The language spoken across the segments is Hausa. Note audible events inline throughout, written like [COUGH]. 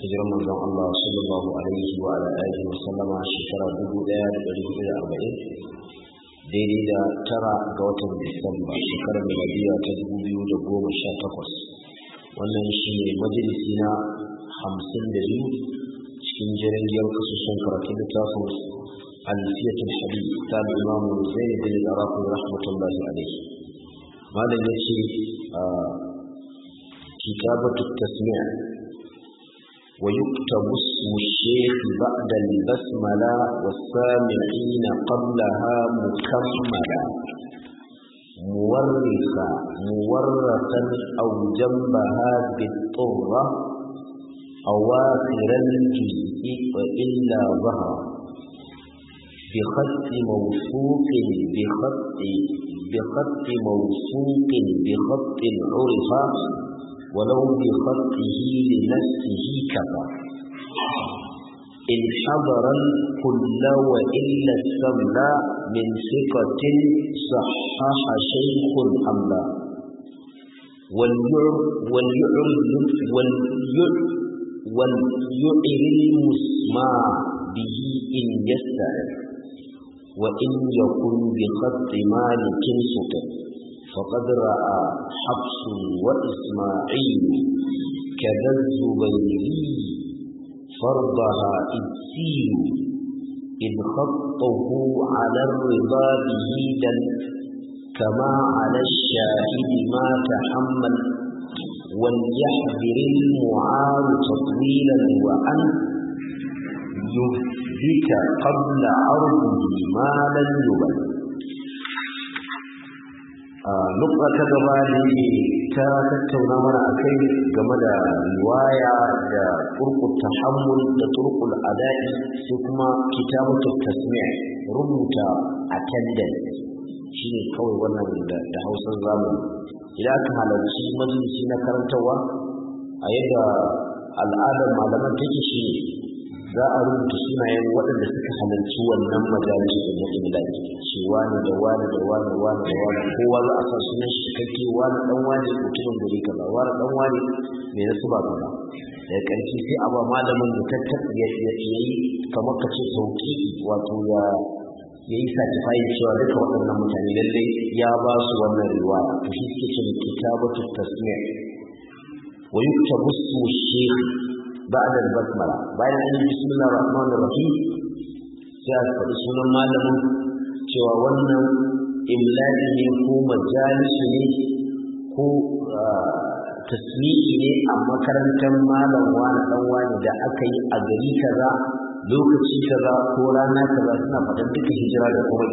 hijiran manzon Allah sallallahu alaihi wa ala alihi wa sallama shekara 1440 daidai da tara ga watan Disamba shekarar miladiya ta 2018 wannan shine majalisi na 52 cikin jirgin kasusun karatun littafin ألفية الحديث كان zai زين بن العراقي ya الله عليه ماذا يأتي كتابة التسميع ويكتب اسم الشيخ بعد البسملة والسامعين قبلها مكملا مورثا مورثا أو جنبها بالطرة أواخر الجزء إلا ظهر بخط موثوق بخط بخط موثوق بخط عرف ولو بخطه لنفسه كفى إن حضرا كل وإلا استغنى من ثقة صحح شيخ حملا وليعر المسمى به إن يستعر وإن يكون بخط مالك سقط فقد رأى حفص وإسماعيل كذا الزبيري فرضها إبسين إن خطه على الرضا بهيدا كما على الشاهد ما تحمل وليحذر المعار تطويلا وأن يهلك قبل عرضه ما لم يبلغ nukwa ta gaba ta tattauna mana a kai game da riwaya da turkul tahammul da turkul adai sai kuma kitabatu tasmi' rubuta attendance shine kawai wannan da Hausan zamani idan aka halarci majalisi na karantarwa a yadda al'adar malaman take shi za a rubuta sunayen waɗanda suka halarci wannan majalisar da mutum da shi wani da wani da wani wani da wani kowa za a san sunan shi wani dan wani mutumin gari ba wani dan wani mai nasu ba ba da ƙarshe sai a ba malamin da ta ya yi kamar ka ce sauki wato ya ya yi satifayin cewa duka waɗannan mutane lallai ya ba su wannan riwaya to shi suke cin kitabatu بعد البسملة بعد أن بسم الله الرحمن الرحيم سيأتي سنة معلم cewa wannan imla'i ne ko majalisu ne ko tasmi'i ne a makarantar malam wani dan da aka yi a gari kaza lokaci kaza ko rana kaza suna faɗin duka hijira da kawai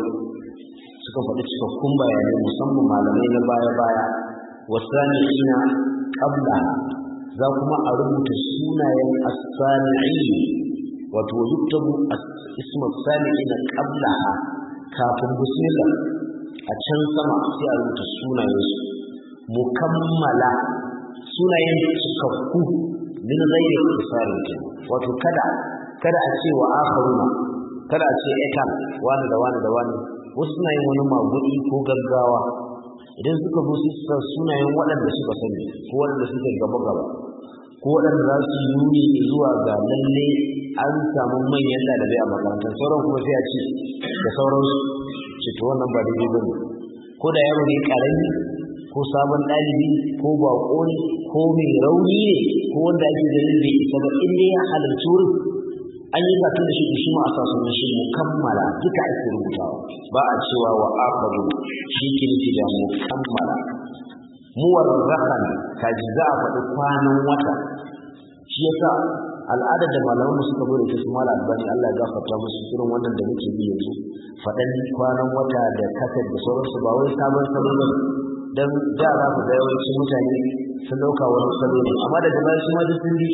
suka faɗi cikakkun bayanai musamman malamai na baya baya wasani ina kabla za kuma a rubuta sunayen as-sami'in wato yuktabu na sami'in qabla kafin bismillah a can sama sai a rubuta sunayen su mukammala sunayen cikakku min yi ikhtisarin kenan wato kada kada a ce wa akharuna kada a ce ita wani da wani da wani wasu suna yin wani magudi ko gaggawa idan suka zo su sunayen waɗanda suka sani ko waɗanda suke gaba gaba ko waɗanda za su yi nuni zuwa ga lalle an samu manyan ɗalibai a makarantar sauran kuma sai a ce da sauransu ce to wannan ba daidai ba ne ko da yaro ne ƙarami ko sabon ɗalibi ko baƙo ne ko mai rauni ne ko wanda ake ganin bai isa ba in dai ya halarci wurin an yi ba da shi da shi ma a sasunan shi mukammala duka ake rubutawa ba a cewa wa akadu shi ke nufi da mukammala muwarrakan kaji za a faɗi kwanan wata shi yasa al'adar da malaman suka bude shi su mala albani Allah ya gafarta musu irin wannan da muke yi yanzu faɗan kwanan wata da kasar da sauransu ba wai sabon sabon ba dan da za ku ga yawancin mutane sun ɗauka wani salo ne amma da jama'a su ma duk sun bi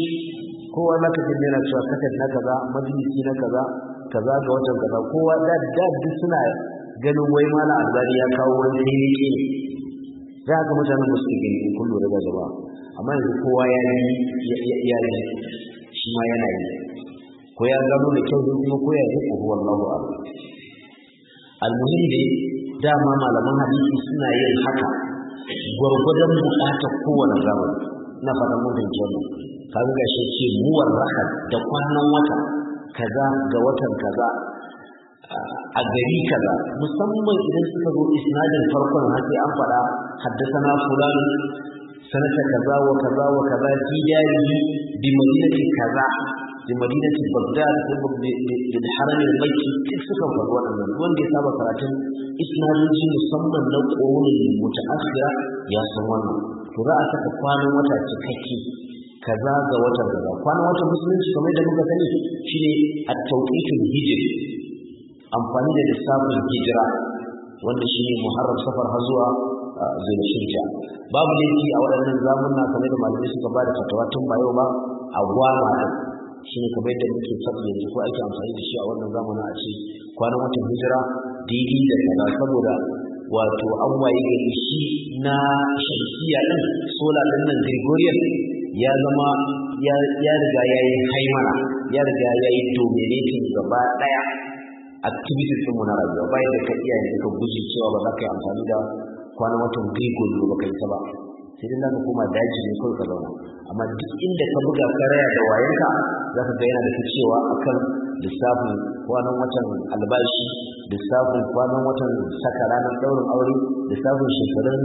kowa za ka ji yana cewa kasar na kaza majalisi na kaza kaza ga watan kaza kowa da da duk suna ganin wai mala albani ya kawo wani ne za ga mutanen da suke gani kun lura da jama'a amma yanzu kowa ya yi ya yi shi ma yana yi ko ya gano da kyau kuma ko ya yi ko huwa Allahu a'lam almuhim dai dama malaman hadisi suna yin haka gwargwadon bukatar kowane zamani na faɗan mutum kenan kaga shi ce muwar rahar da kwanan wata kaza ga watan kaza a gari kaza musamman idan suka zo isnadin farkon har sai an faɗa haddasana fulani sanata kaza wa kaza wa kaza ji darihi bi madinati kaza bi madinati bagdad ko bi haram al-makki duk suka faɗi waɗannan wanda ya saba karatun shi musamman na ƙorin mutaakhira ya san wannan to za a saka kwanan wata cikakke kaza ga watan kaza kwanan wata musulunci kamar da muka sani shine at-tawqitul hijri amfani da lissafin hijira wanda shi ne muharram safar har zuwa ah, zulhijja babu laifi a waɗannan zamuna kamar da malamai suka ba da fatawa tun ba yau ba a gwama da shi ne kamar yadda muke faɗi yanzu ko ake amfani da shi a wannan zamanin a ce kwanan watan hijira daidai da kaza saboda wato an waye gari shi na shamsiya ɗin sola ɗin nan gregorian ya zama ya riga ya yi haimara ya riga ya yi dominating gaba ɗaya activities sun muna rayuwa bayan da ka iya yanzu ka guje cewa ba za ka yi amfani da kwanan watan gigol ne ba ka yi ta ba sai dai zaka koma daji ne kawai ka zauna amma duk inda ka buga karaya da wayanka za ka ga yana da cewa akan lissafin kwanan watan albashi lissafin kwanan watan saka ranar daurin aure lissafin shekarun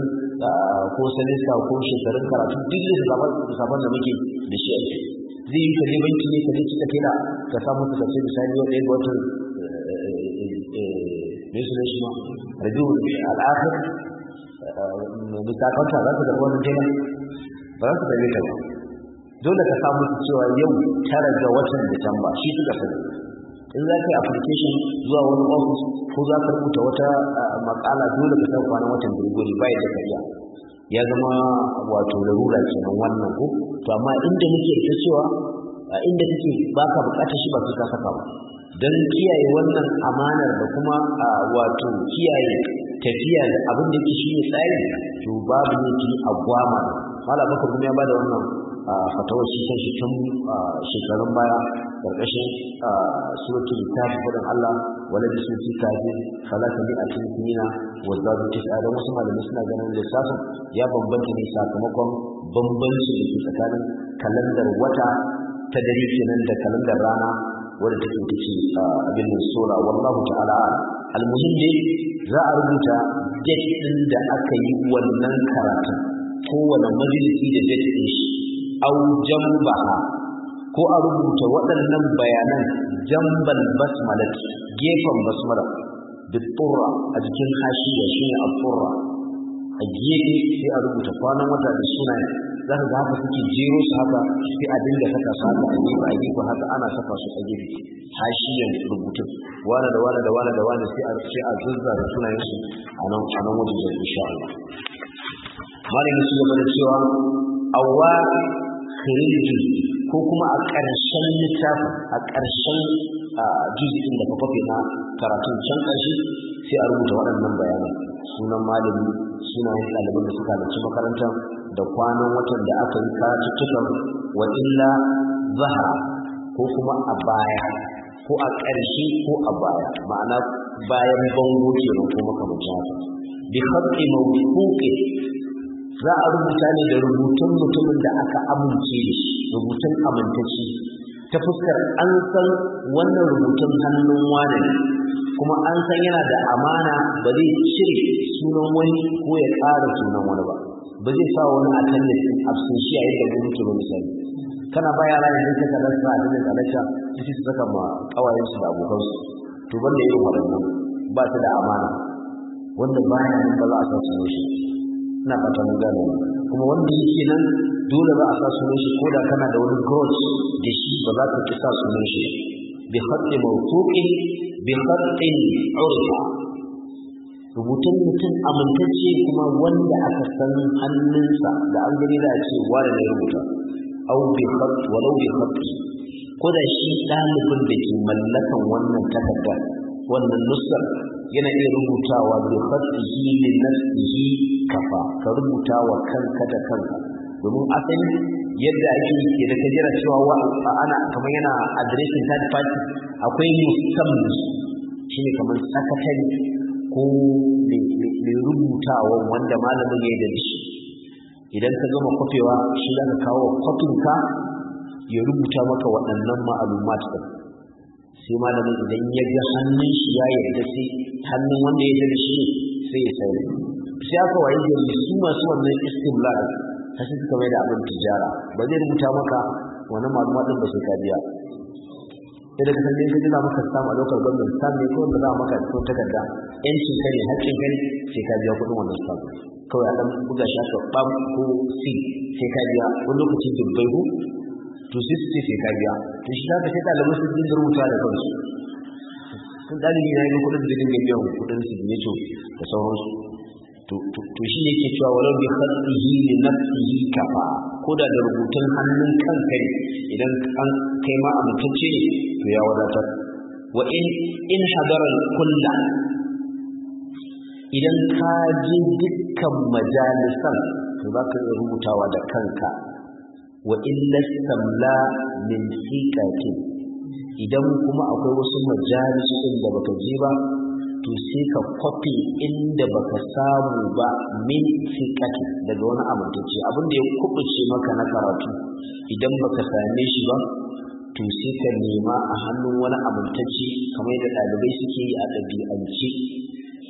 ko salista ko shekarun karatu duk lissafin da muke da shi a zai yi ka je ne ka ke kika kira ka samu ka ce misali yau ɗaya ga watan me su da shi ne za da ba za da ba dole ka samu cewa yau tara ga watan Disamba shi suka sani in za ka yi application zuwa wani office ko za ka rubuta wata eh, makala dole ka san kwanan watan Gregori ba yadda ka ya zama wato larura kenan wannan ko to amma inda nake ita cewa a inda take baka bukatar shi ba sai ka saka ba dan kiyaye wannan amanar da kuma wato kiyaye tafiya da abin da ke shi ne tsari to babu ne ki agwama mala baka kuma ya bada wannan fatawar shi san shi tun shekarun baya karkashin suratul kitab fadan Allah wala bi sunti kafin salatu bi atin wa zabu tis'a da wasu malamai suna ganin lissafin ya bambanta ne sakamakon bambanci da tsakanin kalandar wata ta dare kenan da kalandar rana wadda take take abin sura wallahu ta'ala almuhim dai za a rubuta date din da aka yi wannan karatu kowane majalisi da date din shi au jambaha ko a rubuta waɗannan bayanan jambal basmalat gefen basmala biturra a jikin hashiya shine al-turra a gefe sai a rubuta kwanan wata da sunayen za ka ga haka suke jero su haka sai a dinga saka su haka a gefe a gefe haka ana saka su a gefe hashiyan rubutun wala da wala da wala da wala sai a sai a zazzara sunayen su a nan a nan wajen da insha Allah malamin su gaba da cewa awwa khiriji ko kuma a ƙarshen littafin a ƙarshen juz'in da kafafe na karatun can ƙarshe sai a rubuta waɗannan bayanan sunan malami sunayen ɗaliban da suka halarci makarantar da kwanan watan da aka yi katutukan wa illa zaha ko kuma a baya ko a ƙarshe ko a baya ma'ana bayan bango kenan ko makamancin haka bi haqqi za a rubuta ne da rubutun mutumin da aka amince da shi rubutun amintaci ta fuskar an san wannan rubutun hannun wane ne kuma an san yana da amana ba zai cire sunan wani ko ya ƙara sunan wani ba ba zai sa wani a kan lissin absinci a yadda mun muke ba misali kana baya yara yanzu ka kada su a cikin alaƙa su su saka ma kawayen su da abokan su to banda irin waɗannan ba su da amana wanda ba ya nan ba za a sa su shi ina fata mun gane kuma wanda yake nan dole ba a sa su shi ko da kana da wani grudge da shi ba za ka ki sa su shi bi khatin mawquqin bi khatin urfa rubutun mutum amintacce kuma wanda aka san hannunsa da an gani za a ce wani ne rubuta au bi khat walau bi khat ko da shi ɗalibin da ke mallakan wannan takarda wannan nusar yana iya rubutawa bi khatihi li nafsihi kafa ka rubuta wa kanka da kanka domin asali yadda ake ke da jira cewa wa ana kamar yana adireshin third party akwai musamman shine kamar sakatari ko mai rubutawa wanda malamin ya yi shi idan ka gama kwafewa shi za ka kawo kwafinka ya rubuta maka waɗannan ma'alumat ɗin sai malamin idan ya ga hannun shi ya yarda sai hannun wanda ya yi shi sai ya sai sai aka waye da su masu wannan ta sai suka mai da abin tijara ba zai rubuta maka wannan ma'alumat ɗin ba sai ka biya idan ka sai ka jira maka samu a lokacin gwamnati sam ne ko da za maka cikin takarda yancin ka ne haƙƙin ka ne sai ka biya kuɗin wannan sam kawai a dan buga shi aka bam ko si sai ka biya wani lokacin da bai ko to sai su ce sai ka biya to shi zaka sai ɗalibai su dinga rubuta da kansu kun ɗalibi na yi kuɗin da dinga biya kuɗin su ne to da sauransu to shi ne ke cewa walau bi khalqihi li nafsihi kafa ko da da rubutun hannun kanka ne idan an kai ma amintacce ne to ya wadatar wa in in kulla idan ka je dukkan majalisan to za ka rubutawa da kanka wa in la min sikati idan kuma akwai wasu majalisun da baka je ba to sai ka kwafi inda baka samu ba min sikati daga wani amintacce abin da ya kubuce maka na karatu idan baka same shi ba to ka nema a hannun wani amintacci kamar da ɗalibai suke yi a ɗabi'ance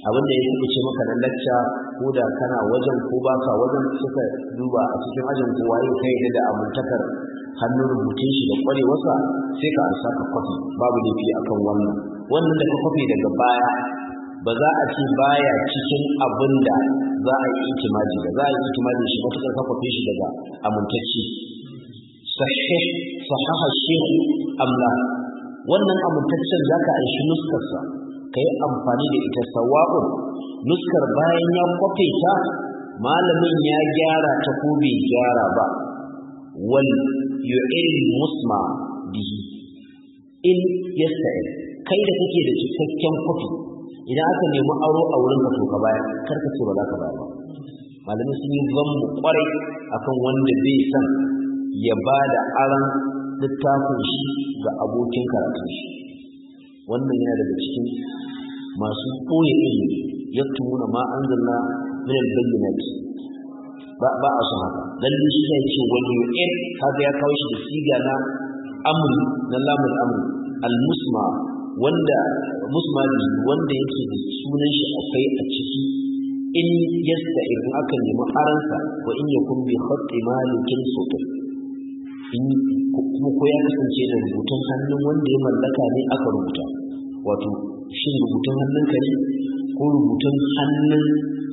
abin da ya fi ce maka na lacca ko da kana wajen ko ba ka wajen suka duba a cikin ajin kowa yin kai da amintakar hannun rubutun shi da wasa, sai ka ansa ka kwafi babu laifi akan wannan wannan da ka kwafi daga baya ba za a ce baya cikin abin da za a yi ikimaji da za a yi ikimaji shi su ka kwafi shi daga amintacci sahih sahaha shehu amla wannan amintaccen zaka aishi nuskarsa ka yi amfani da ita sawa'un nuskar bayan ya kwafe ta malamin ya gyara ta ko bai gyara ba wal yu'il musma bihi in yasta'il kai da kake da cikakken kwafi idan aka nemi aro a wurin ka to ka bayar kar ka ce ba za ka bayar ba malamai sun yi ban mu kwarai akan wanda bai san ya ba da aran littafin shi ga abokin karatu shi wannan yana daga cikin masu koyi ilimi ya tumuna ma an zanna minan bayyanati ba a son haka lalle shi zai ce wani yu'in kaga ya kawo shi da siga na amri na lamun amri al-musma wanda musma wanda yake da sunan shi akwai a ciki in yasta idan aka nemi aransa wa in yakun bi khatti malikin sultan kuma ko ya kasance da rubutun hannun wanda ya mallaka ne aka rubuta wato shin rubutun hannun ka ne ko rubutun hannun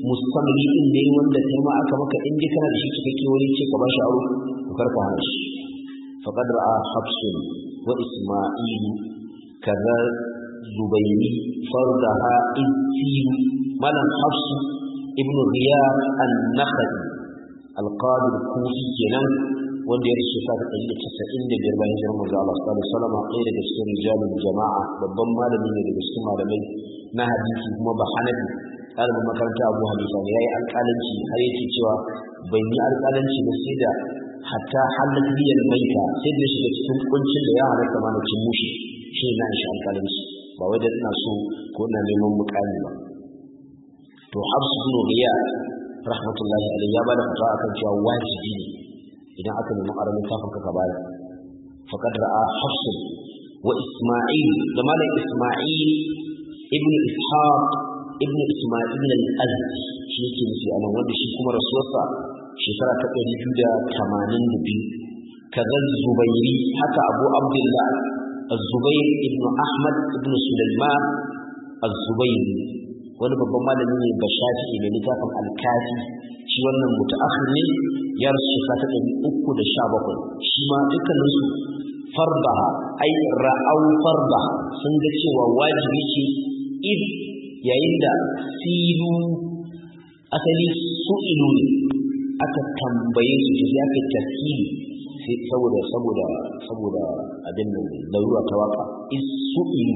musamman din ne wanda kai ma aka maka in dai kana da shi cikakke wani ce ka bashi aro to kar ka hana shi faqad ra'a hafsun wa isma'il kaza zubairi fardaha izir malam hafsu Ibn riyad an-nakhai al qadir al-kufi kenan wanda ya rike shekara ɗari da casa'in da biyar bayan jiran manzo Allah sallallahu alaihi wasallam ɗaya daga cikin rijalul jama'a babban malami ne daga cikin malamai na hadisi kuma ba hanafi ɗalibin makaranta abu hanifa ne ya yi alƙalanci har yake cewa bai yi alƙalanci ba sai da hatta halin biyan maita sai da shiga cikin kuncin da ya halatta ma na cin mushi shi na shi alƙalanci ba wai da ina so ko na neman muƙami ba to hafsu bin riyad rahmatullahi alaihi ya bada fatawa akan cewa wajibi ne idan aka nemi ƙaramin littafin ka baya faqad ra'a hafs wa isma'il da malam isma'il ibn ishaq ibn isma'il al-azdi shi yake nufi nan, wanda shi kuma rasuwarsa shekara ta ɗari biyu da tamanin da biyu kazan zubairi haka abu abdullah الزبير ابن أحمد ابن سليمان الزبيري wani babban malami ne ba shafi ne littafin alkafi shi wannan mutaakhir ne Yar rasu shekara ta ɗari uku da sha bakwai shi ma dukkaninsu Farba ai ra'au Farba, sun ga cewa wajibi ce id yayin da silu asali su'ilu ne aka tambaye su su ya kai tafsiri saboda saboda saboda abin da larura ta waka is su'ilu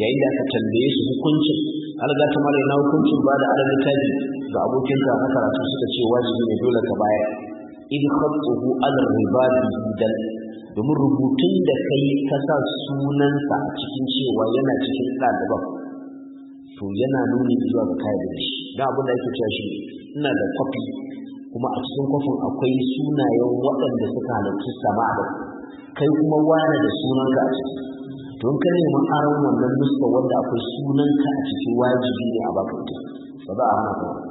yayin da aka tambaye su hukuncin alga ta mara na hukuncin ba da adadin taji da abokin ka na karatu suka ce wajibi ne dole ka bayar in khatuhu al ribadi dan domin rubutun da kai ka sa sunansa a cikin cewa yana cikin ɗaliban to yana nuni zuwa ga kayan da shi da abin da ake cewa shi ina da kwafi kuma a cikin kwafin akwai sunayen waɗanda suka halarci sama'a kai kuma wani da sunan a ciki don ka nemi aron wannan nuska wanda akwai sunanka a cikin wajibi ne a baka ba za a hana ba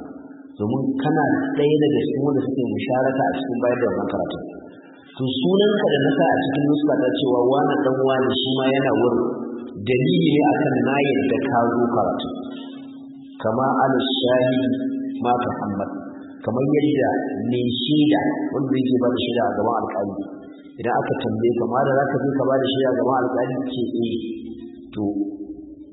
domin kana ɗaya daga cikin wanda suke musharaka a cikin bayar da wannan karatu to sunan ka da na sa a cikin nuska ta cewa wani ɗan wani shi ma yana wurin dalili ne akan na yadda ka zo karatu kama al mata hamad kamar yadda ne shida wanda yake ba da shida a gaban alƙali idan aka tambaye kamar da da ka je ka ba da shida a gaban alƙali ce eh to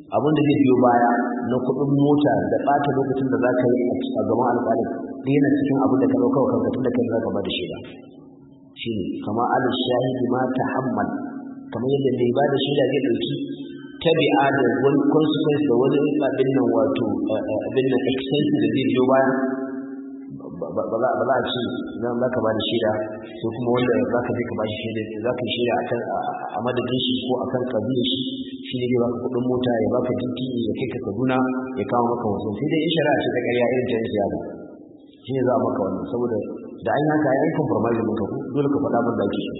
abin da zai biyo baya na kuɗin mota da ɓata lokacin da za ka yi a gaban alƙalin da yana cikin abin da ka ɗauka wa kanka tun da kai za ka ba da shi ba. shi ne kama alin shahidi ma ta hamman kamar yadda mai ba da shi shaida zai ɗauki tabi'a da wani consequence da wani abin nan wato eh, eh, abin nan expense da zai biyo baya ba za a ce nan za ka ba da shaida ko kuma wanda za ka je ka ba shi shaida za ka shaida a kan a madadin shi ko a kan kabilar shi shi ne zai baka kuɗin mota ya baka titi ya kai ka kaduna ya kawo maka wasu sai dai in shari'a ce ta ƙarya irin ta yanzu shi ne za a maka wannan saboda da an yi haka ya yi compromise maka ku dole ka faɗa abin da ake so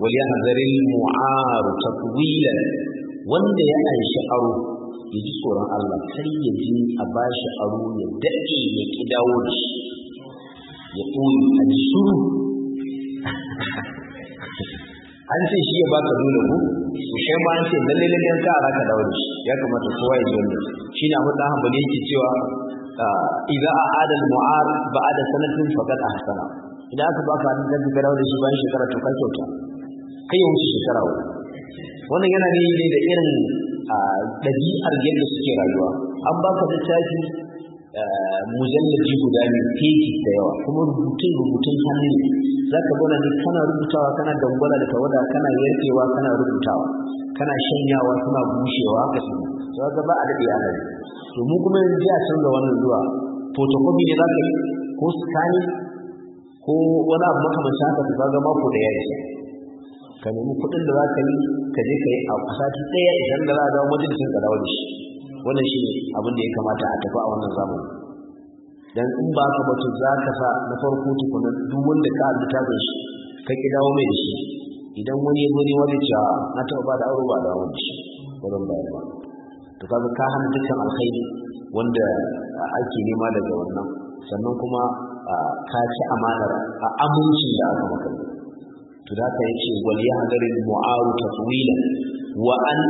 wal yahzaril mu'aru tatwilan wanda ya aishi aro ya ji tsoron Allah sai ya ji a bashi aro ya daɗe ya ƙi dawo da shi ya ɓoye a ji shuru an ce shi ya baka nuna ku to kai ma an ce lalle lalle ka ara ka dawo da shi ya kamata kowa ya ji wannan shine Abu Dan Hanbali yake cewa ah, idan a adal muar ba a ba'da sanatin a hasara. idan aka baka hannun da ka dawo da shi bayan shekara to kai kyauta kai ya wuce shekara wannan yana ne da irin a ɗabi'ar yadda suke rayuwa an baka littafi mujallaji guda ne teji da yawa kuma rubutun rubutun hannu ne za ka gona ne kana rubutawa kana dangwala da tawada kana yarkewa kana rubutawa kana shanyawa kana bushewa haka su za ka ba a daɗe a nan to mu kuma yanzu a canza wannan zuwa photocopy ne za ka yi ko scanning ko wani abu makamancin haka ka ga mako da ya ka nemi kuɗin da za ka yi ka je ka yi a sati ɗaya idan da za a zama majalisin ka dawo da shi wannan shi ne abin da ya kamata a tafi a wannan zamani dan in ba ka batu za ka sa na farko tukunan duk wanda ka abuta da shi ka ki dawo mai da shi idan wani ya zuri wani cewa na taɓa ba da aure ba da wani shi wurin bayan ba to kaga ka hana dukkan alkhairi wanda ake nema daga wannan sannan kuma ka ci amanar a amincin da aka maka to da ka yace wal hadari mu'aru tafwila wa an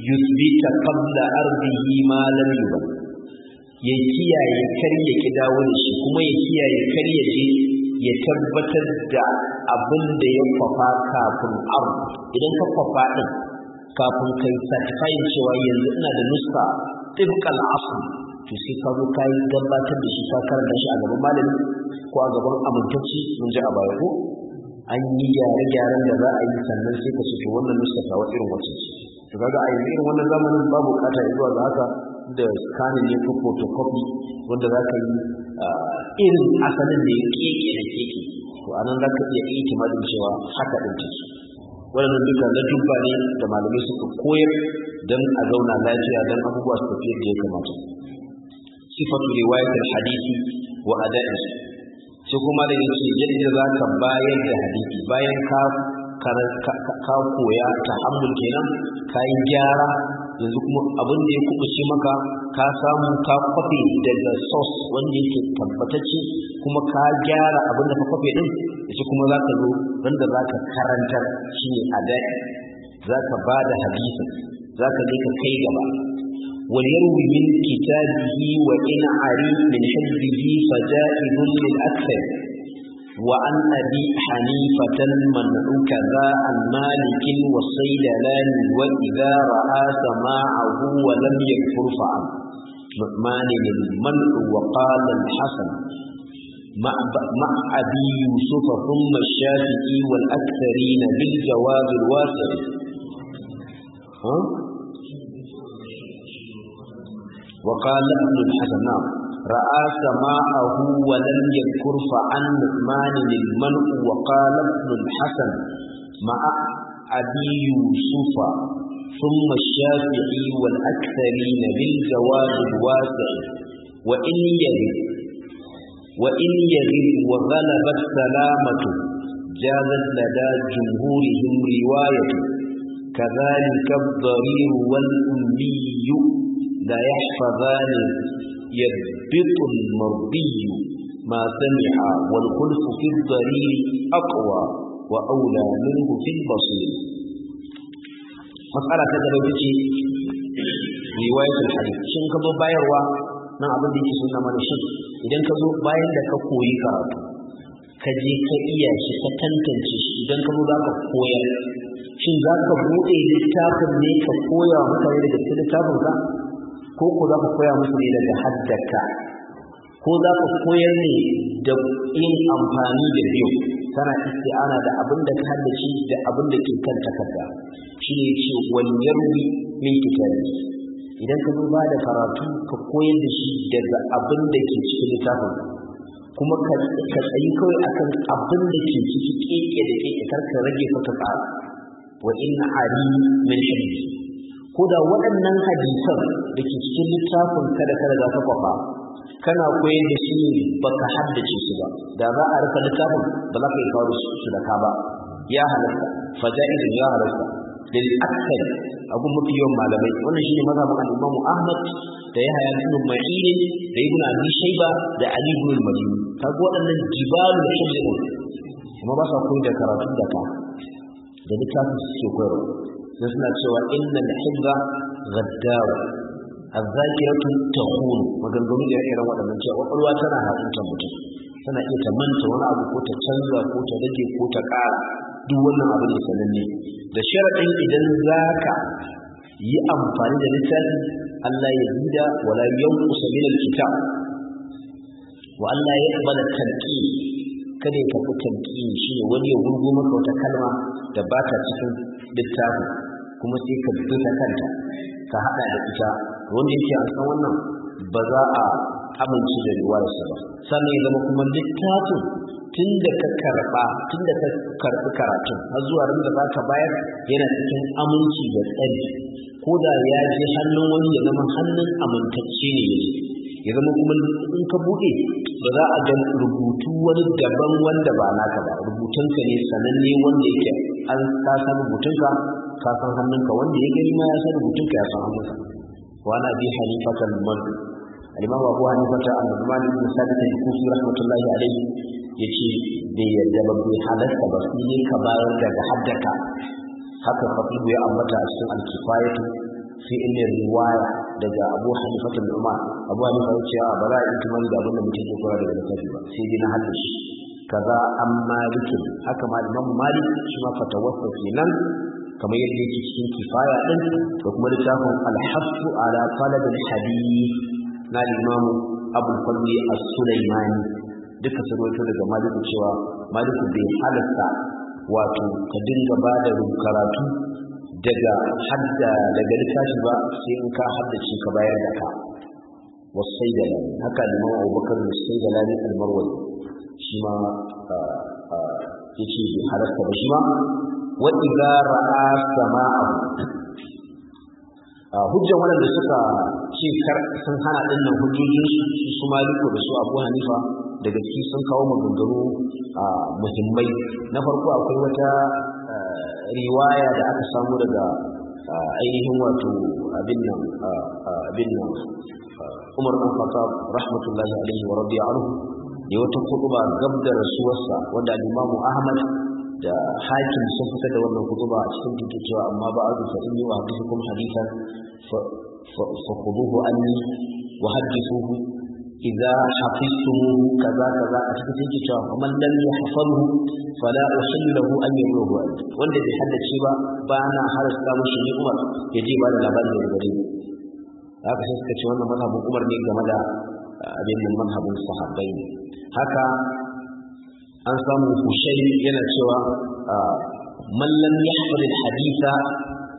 yuthbita qabla ardihi ma lam yuba ya kiyaye kar ya ki dawo da shi kuma ya kiyaye kar ya ya tabbatar da abin da ya fafa kafin ar idan ka fafa din kafin kai satisfying cewa yanzu ina da nuska tibqal asl to sai ka zo kai gabatar da shi ka karanta shi a gaban malami ko a gaban amintacci mun ji a baya ko an yi gyare-gyaren da za a yi sannan sai ka ce wannan nuska wa irin wasu. to kaga a yanzu irin wannan zamanin babu bukata zuwa ga haka da scanning ne ko photocopy wanda za ka yi irin asalin da ya keke da keke to anan za ka iya itimadin cewa haka ɗin ciki wannan duka na dubba ne da malamai suka koyar don a zauna lafiya don abubuwa su tafiyar yadda ya kamata sifatu riwayat hadisi wa sai kuma da yake yadda za ka bayar da hadisi bayan ka koya koya tahammul kenan ka yi gyara yanzu kuma abin da ya shi maka ka samu ka kwafe daga source wanda yake tabbatacce kuma ka gyara abin da ka kwafe din Yanzu kuma za ka zo wanda za ka karantar shi ne a za ka ba da hadisin za ka je ka kai gaba وليروي من كتابه وإن عري من حزبه فجائز للأكثر وعن أبي حنيفة من كذا عن مالك والصيدلان وإذا رأى سماعه ولم يكفر فعل نعمان المنع وقال الحسن مع أبي يوسف ثم الشافعي والأكثرين بالجواب الواسع ها؟ وقال ابن الحسن نعم. رأى سماءه ولم يذكر فعن نثمان للمنع وقال ابن الحسن مع أبي يوسف ثم الشافعي والأكثرين بالجواب الواسع وإن يذب وإن يذب وغلبت سلامته جازت لدى جمهورهم روايته كذلك الضرير والأمي da ya faza ne yadbitun marbiyu ma sami'a wal kulku fi dariri wa aula minhu fi basir masala ta gaba ce riwayat al hadith shin ka zo bayarwa nan abin da yake sunna mana shin idan ka zo bayan da ka koyi karatu ka je ka iya shi ka tantance shi idan ka za ka koya shin za ka buɗe littafin ne ka koya mutane daga littafin ka ko ku za ku koya musu ne daga haddaka ko za ku koyar ne da yin amfani da biyu tana isti'ana da abin da ka haddace da abin da ke kan takarda shi ne ce wal yarwi min kitabi idan ka zo ba da karatu ka koyar da shi daga abin da ke cikin littafin kuma ka tsayi kawai akan abin da ke ciki keke da keke kar ka rage ka tsara wa in ari min hadisi kuda waɗannan hadisan da ke cikin littafin kada kada za ka kwafa kana koyar da shi ba ka haddace su ba da za a rufe littafin ba za ka yi faru su da ka ba ya halatta faja'idin ya halatta lil aksar mafi yawan malamai wannan shine mazhabin al-Imam Ahmad da Yahya ibn Ma'in da Ibn Abi Shayba da Ali ibn al-Madini kaga waɗannan da hujjah kuma ba sa koyar da karatu da ka da littafin su ke koyarwa da suna cewa innal hibba gaddaw azzakiratu tahun maganganu da irin waɗannan cewa kwakwalwa tana haɗinta mutum tana iya ta manta wani abu ko ta canza ko ta rage ko ta ƙara duk wannan abin da sananne da sharaɗin idan za ka yi amfani da littafi Allah ya zida wala yanqusa min alkitab wa Allah ya bada tanqi kada ya tafi tanqi shine wani ya gurgo maka wata kalma da ba ta cikin littafin kuma sai ka duna kanta ka haɗa da ita wanda yake a san wannan ba za a amince da riwayarsa ba sannan ya zama kuma littafin tun da ka karɓa tun da ka karɓi karatun har zuwa ran da za ka bayar yana cikin aminci da tsari ko da ya je hannun wani ya zama hannun amintacce ne ya zama kuma in ka buɗe ba za a ga rubutu wani daban wanda ba naka ba rubutunka ne sananne wanda yake an ka san rubutunka ka san hannunka wanda ya gani ma ya san ka ya san hannunka wa na bi hanifatal man al-imam abu hanifata al-nu'man ibn sabit al-kufi rahmatullahi alayhi yace bai yarda ba bai halarta ba sai dai ka bayar da haddaka haka fatihu ya ambata a cikin al-kifayatu fi inna riwaya daga abu hanifata al-nu'man abu hanifa yace ba za a yi tumani da abin da mutum ke kora daga lissafi ba sai dai na haddashi kaza an malikin haka ma imam malik shi ma fatawarsa kenan kamar yadda yake cikin kifaya ɗin, da kuma littafin al-hasu ala talab al na imamu abu fadli as-sulaimani duka sun rawaito daga maliku cewa maliku bai halatta wato ka dinga ba da karatu daga hadda daga littafi ba sai in ka haddace ka bayar da ka wasai da lani haka liman abubakar musai da lani almarwari shi ma ah, ah, ya bai halatta ba shi ma wa idza ra'a sama'a ah, hujjan waɗanda suka ce kar sun hana ɗinnan hujjojin su su maliku da su abu hanifa daga ciki sun kawo a ah, muhimmai na farko akwai wata ah, riwaya da aka samu daga ainihin wato abin nan abin nan umar bin khattab rahmatullahi alaihi wa radiya anhu ne wata khutba gab da rasuwarsa wanda al ahmad da hakim sun fitar da wannan kutuba a cikin tuntun cewa amma ba azu fa inni wa hadithukum hadithan fa khuduhu anni wa hadithuhu idza hafiztumuhu kaza kaza a cikin tuntun cewa man lam yahfazuhu fala uhillu lahu an yaqulu wanda bai haddace ba ba na harasta mushi ni Umar yaje ba da labarin da gare ni haka sai suka ce wannan mazhabin Umar ne game da abin da mazhabin sahabbai ne haka an samu hushai yana cewa ah, mallan ya fara hadisa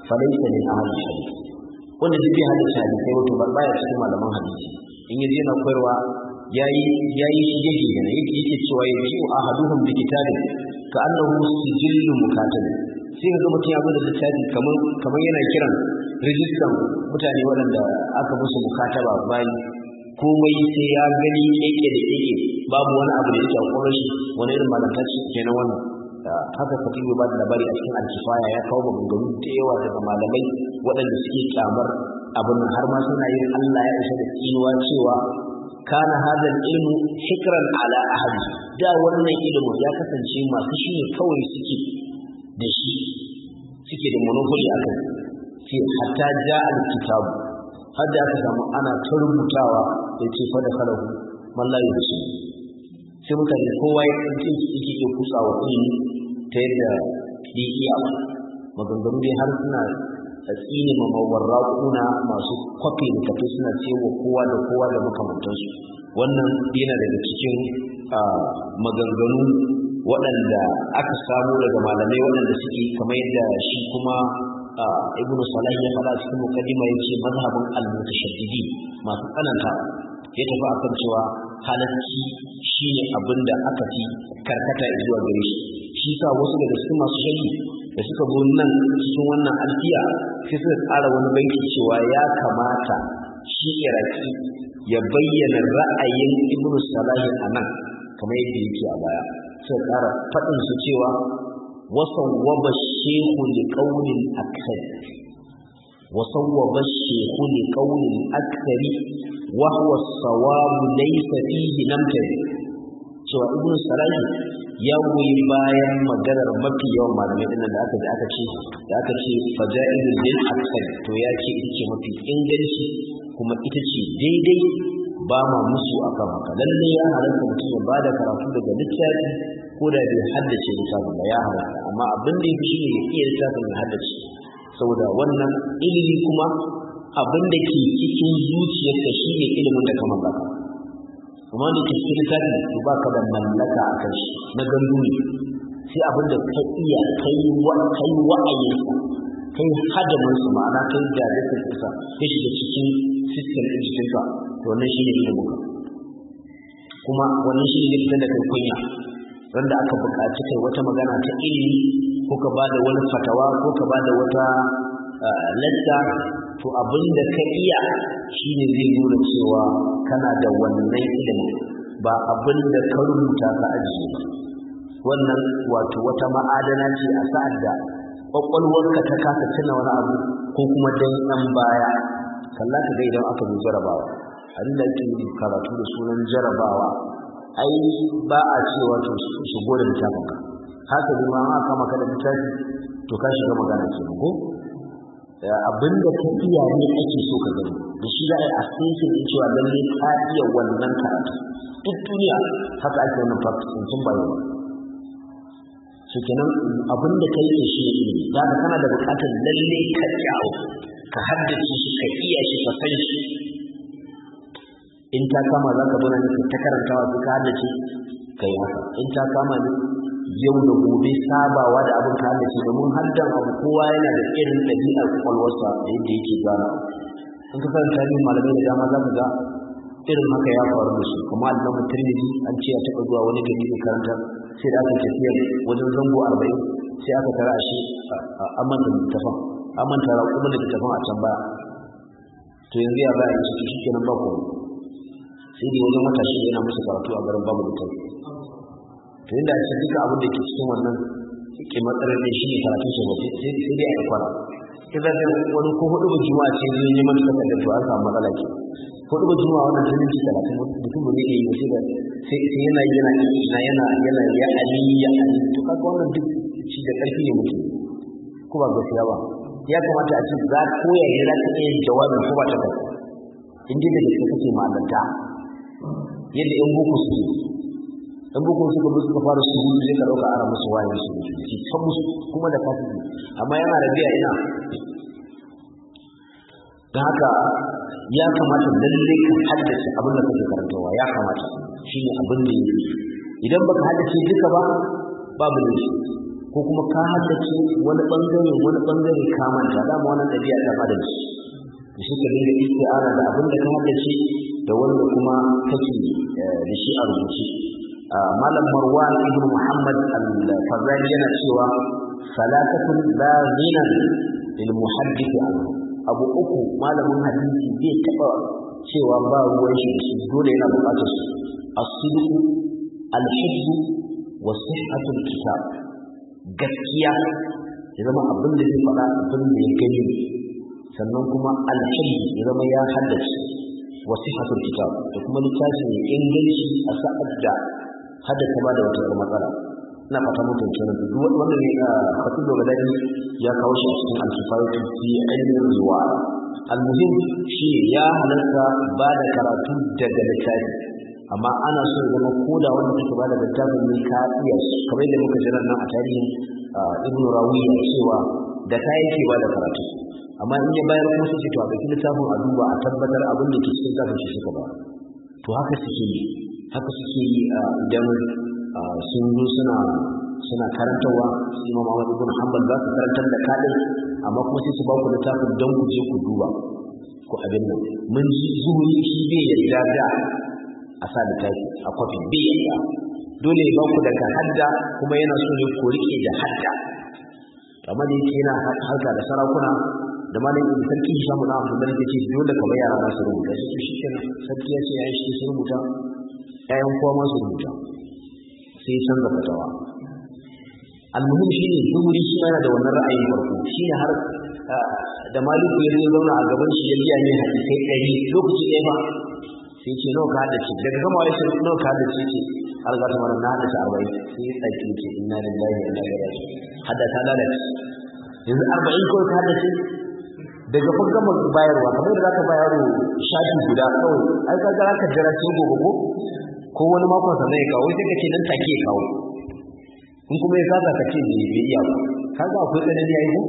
falaita ne a hannun wanda duk ya hadisa hadisai wato ba ya cikin malaman hadisi in yaji yana koyarwa yayi yayi shige shige ne yake yake cewa ya ji ahaduhum bi kitabin ka annahu sijillu mukatab sai ka ga mutum ya da littafi kamar kamar yana kiran rijistan mutane waɗanda aka musu mukataba bayi komai sai ya gani yake da yake babu wani abu da yake akwai shi wani irin malamta ke na wannan ah, haka katibu ba da labari a cikin alkifaya ya kawo maganganu da yawa daga malamai waɗanda suke kyamar abin har ma suna yin Allah ya isa da tsinuwa cewa kana hadha ilmu hikran ala ahadi da wannan ilmu ya kasance masu shi ne kawai suke da shi suke da monopoly a kai sai hatta ja alkitabu har da aka samu ana ta rubutawa da ce fa da kalahu mallahi da shi sai muka ji kowa ya tsinci ciki ke wa ilimi ta yadda ɗiɗi e a maganganu dai har suna tsini ma mawarra kuna masu kwafi da tafi suna cewa kowa da kowa da makamantansu wannan yana daga cikin maganganu waɗanda aka samu daga malamai waɗanda suke kamar yadda shi kuma ibnu salah ya faɗa cikin mukaddima ce mazhabin al-mutashaddidi masu tsananta ya tafi akan cewa halarci shi ne abin da aka fi karkata zuwa gare shi shi sa wasu daga cikin masu shari da suka zo nan cikin wannan alfiya sai suka tsara wani banki cewa ya kamata shi iraki ya bayyana ra'ayin ibnu salahi a nan kamar yadda yake a baya suka tsara faɗin su cewa wasan waba shehu li qaunin وصوب الشيخ لقول الأكثر وهو الصواب ليس فيه نمتر cewa ibn salahi ya goyi bayan maganar mafi yawan malamai dinnan da aka da aka ce da aka ce fadailul lil aksari to ya ce ita mafi inganci kuma ita ce daidai ba ma musu akan haka lalle ya halarta mutum ya bada karatu daga littafi ko da bai haddace littafin ba ya halarta amma abin da ya fi shi ya iya littafin ya haddace saboda wannan ilimi kuma abin da ke cikin zuciyarka shi ne ilimin da ka mallaka amma da ke cikin littafi to ba ka da mallaka a kai na gandu ne sai abin da ka iya kai wa'ayinsa kai hadamin su ma'ana kai jaririn kusa ya shiga cikin sistem ɗin to wannan shi ne ilimin ka kuma wannan shi ne ilimin da kai kunya wanda aka buƙaci kai wata magana ta ilimi ko ka bada wani fatawa ko ka bada wata latta to abin da ka iya shine zai nuna cewa kana da wannan ilimi ba abin da ka rubuta ka ajiye ba wannan wato wata ma'adana ce a sa'ad da kwakwalwarka ta kasa tuna wani abu ko kuma dan yan baya kalla ka ga idan aka yi jarabawa abin da ake karatu da sunan jarabawa ai ba a cewa to su gode da tafanka haka zai ma aka maka da littafi to ka shiga magana ke ko eh, abin da ka iya ne ake so ka gani da shi za a yi asusun in cewa lalle ka iya wannan karatu duk duniya haka ake wannan practice sun bayo su kenan abin da ka yi shi ne za ka kana da buƙatar lalle ka iya ka haddace shi ka iya shi ka san shi in ta kama za ka bana ne ta karantawa su ka haddace ka yi haka in ta kama ne yau da gobe sabawa da abin da haddace domin dan abu kowa yana da irin ɗabi'ar kwakwalwarsa da yadda yake gana in ka fara tarihin malamai da dama za mu ga irin haka ya faru da su kuma alimamu tirmidhi an ce ya taɓa zuwa wani gari da karanta sai da aka tafiya wajen zango arba'in sai aka tara a shi amanta littafan amanta raƙumin da littafan a can baya to yanzu ya baya shi shi kenan ba komai sai dai wajen matashi yana musu karatu a garin babu littafi to inda a duka abin da ke cikin wannan ke matsalar da shi ne karatun shi mace sai dai a yi kwana idan wani ko hudu ba juma'a ce zai yi mata kan da tuwa samu matsala ke hudu ba juma'a wannan sun ci talatin mutum ne zai yi sai da sai yana yana yana yana yana ya ali ya ali to kaga wannan duk shi da karfi ne mutum ko ba gaskiya ba ya kamata a ce za ko ya yi za ka iya jawabin ko ba ta kai in dai da ke kake malanta yadda yan boko suke in bukun suka suka fara su yi sai ka ara musu waye su ki ta musu kuma da kafin amma yana da biya ina da haka ya kamata lalle ka haddace abin da kake karantawa ya kamata shi ne abin da yake idan baka haddace duka ba babu ne ko kuma ka haddace wani bangare wani bangare ka manta mu wannan dabi'a ta fada shi da shi ka dinga isti'ara da abin da ka haddace da wanda kuma kake eh, da shi a rubuce malam marwan ibn muhammad al-fazali yana cewa salatatun la ghinan lil muhaddith anhu abu uku malamin hadisi zai taba cewa ba ruwan shi dole yana bukatar su as-sidq al-hifz wa sihhatu al-kitab gaskiya ya zama abin da faɗa abin da ya gani sannan kuma alhali ya zama ya haddace wasu hatar kitab da kuma littafin mai inganci a sa'ad da haddasa ma da wata matsala ina fata mutum ke nan duk wanda ne a da ya kawo shi a cikin alkifayatu fi ainihin zuwa almuhim shi ya halarta ba da karatu daga littafi amma ana so ya zama koda wanda take ba da littafin ne ka iya kamar yadda muka jira nan a tarihin ibn rawiya cewa da ta yake ba da karatu amma in ya bayar kuma ce to a cikin littafin a duba a tabbatar abin da ke cikin kafin shi ba to haka suke yi haka suke yi idan sun zo suna suna karantarwa su imam Ahmad ibn Hanbal za su karantar da kadai amma kuma sai su ba ku littafin don ku je ku duba ku abin nan mun ji zuhuri shi bai yarda da a sa littafi a kwafi bai yarda dole ba ku daga hadda kuma yana so ne ku rike da hadda amma da yake yana harka da sarakuna da nan sarki samu na da Malik ce dole kamar yara ba su rubuta shi kenan sarki ya ce ya shi sun rubuta ƴaƴan kowa ma su rubuta sai da fatawa almuhim shi ne zuri shi yana da wannan ra'ayin farko shi ne har da maliku ya zo zauna a gaban shi ya biya ne hadisai ɗari lokaci ɗaya ba sai ce nawa ka haddace daga gama ya ce nawa ka haddace ce har za ta mara na haddace arba'in sai ya tsaki ce inna lillahi wa inna ilaihi raji'un hadda ta lalace yanzu arba'in kawai ka haddace daga gama bayarwa kamar yadda zaka bayar shafi guda kawai ai ka ga ka jira sai gobe ko ko wani makon sannan ya kawo sai kace nan take ya kawo in kuma ya saka kace ne bai iya ba kaga akwai tsanani yayi ko